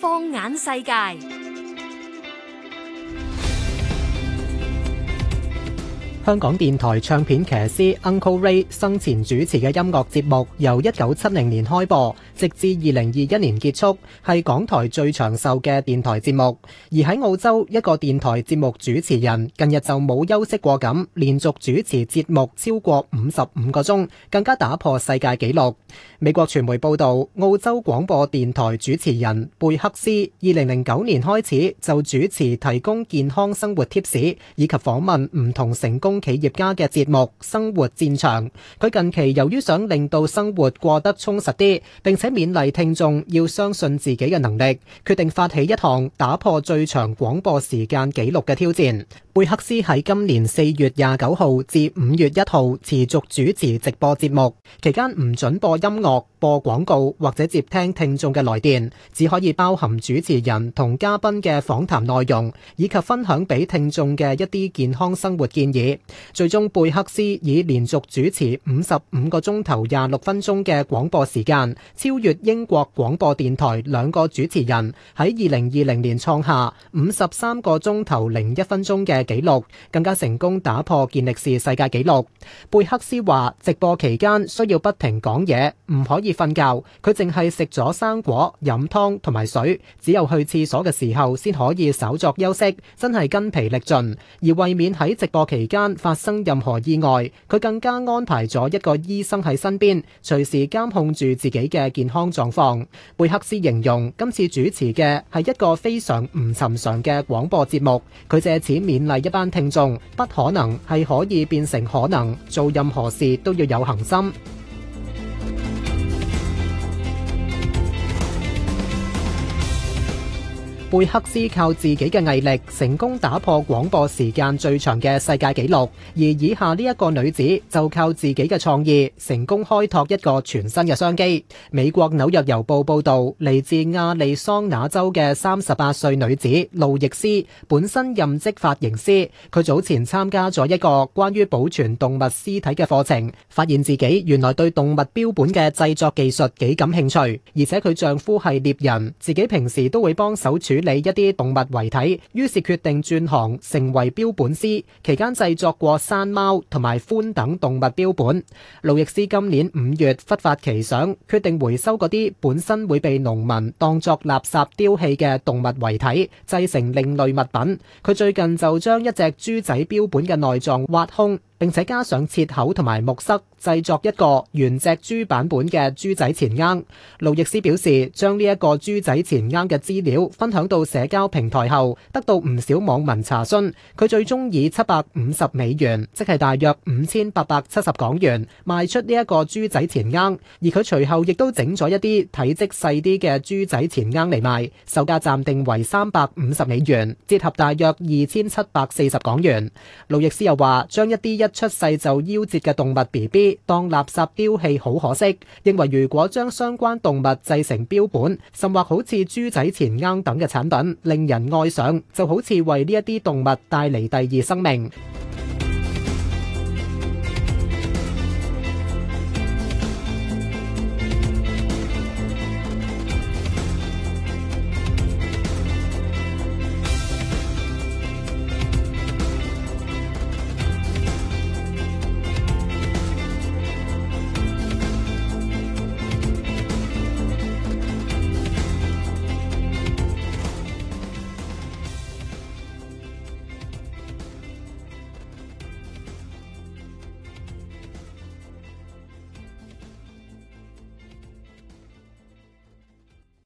放眼世界。香港電台唱片騎師 Uncle Ray 生前主持嘅音樂節目，由一九七零年開播，直至二零二一年結束，係港台最長壽嘅電台節目。而喺澳洲，一個電台節目主持人近日就冇休息過咁，連續主持節目超過五十五個鐘，更加打破世界紀錄。美國傳媒報道，澳洲廣播電台主持人貝克斯二零零九年開始就主持提供健康生活貼士，以及訪問唔同成功。企業家嘅節目《生活戰場》，佢近期由於想令到生活過得充實啲，並且勉勵聽眾要相信自己嘅能力，決定發起一項打破最長廣播時間紀錄嘅挑戰。貝克斯喺今年四月廿九號至五月一號持續主持直播節目，期間唔準播音樂、播廣告或者接聽聽眾嘅來電，只可以包含主持人同嘉賓嘅訪談內容，以及分享俾聽眾嘅一啲健康生活建議。最終貝克斯以連續主持五十五個鐘頭廿六分鐘嘅廣播時間，超越英國廣播電台兩個主持人，喺二零二零年創下五十三個鐘頭零一分鐘嘅紀錄，更加成功打破健力士世界紀錄。貝克斯話：直播期間需要不停講嘢，唔可以瞓覺，佢淨係食咗生果、飲湯同埋水，只有去廁所嘅時候先可以稍作休息，真係筋疲力盡。而為免喺直播期間，發生任何意外，佢更加安排咗一個醫生喺身邊，隨時監控住自己嘅健康狀況。貝克斯形容今次主持嘅係一個非常唔尋常嘅廣播節目，佢借此勉勵一班聽眾，不可能係可以變成可能，做任何事都要有恆心。貝克斯靠自己嘅毅力成功打破廣播時間最長嘅世界紀錄，而以下呢一個女子就靠自己嘅創意成功開拓一個全新嘅商機。美國《紐約郵報》報道，嚟自亞利桑那州嘅三十八歲女子路易斯本身任職髮型師，佢早前參加咗一個關於保存動物屍體嘅課程，發現自己原來對動物標本嘅製作技術幾感興趣，而且佢丈夫係獵人，自己平時都會幫手處理。理一啲動物遺體，於是決定轉行成為標本師。期間製作過山貓同埋獾等動物標本。路易斯今年五月忽發奇想，決定回收嗰啲本身會被農民當作垃圾丟棄嘅動物遺體，製成另類物品。佢最近就將一隻豬仔標本嘅內臟挖空。並且加上切口同埋木塞，製作一個原隻豬版本嘅豬仔錢罌。路易斯表示，將呢一個豬仔錢罌嘅資料分享到社交平台後，得到唔少網民查詢。佢最終以七百五十美元，即係大約五千八百七十港元，賣出呢一個豬仔錢罌。而佢隨後亦都整咗一啲體積細啲嘅豬仔錢罌嚟賣，售價暫定為三百五十美元，折合大約二千七百四十港元。路易斯又話：將一啲一出世就夭折嘅動物 BB 當垃圾丟棄，好可惜，認為如果將相關動物製成標本，甚或好似豬仔錢罌等嘅產品，令人愛上，就好似為呢一啲動物帶嚟第二生命。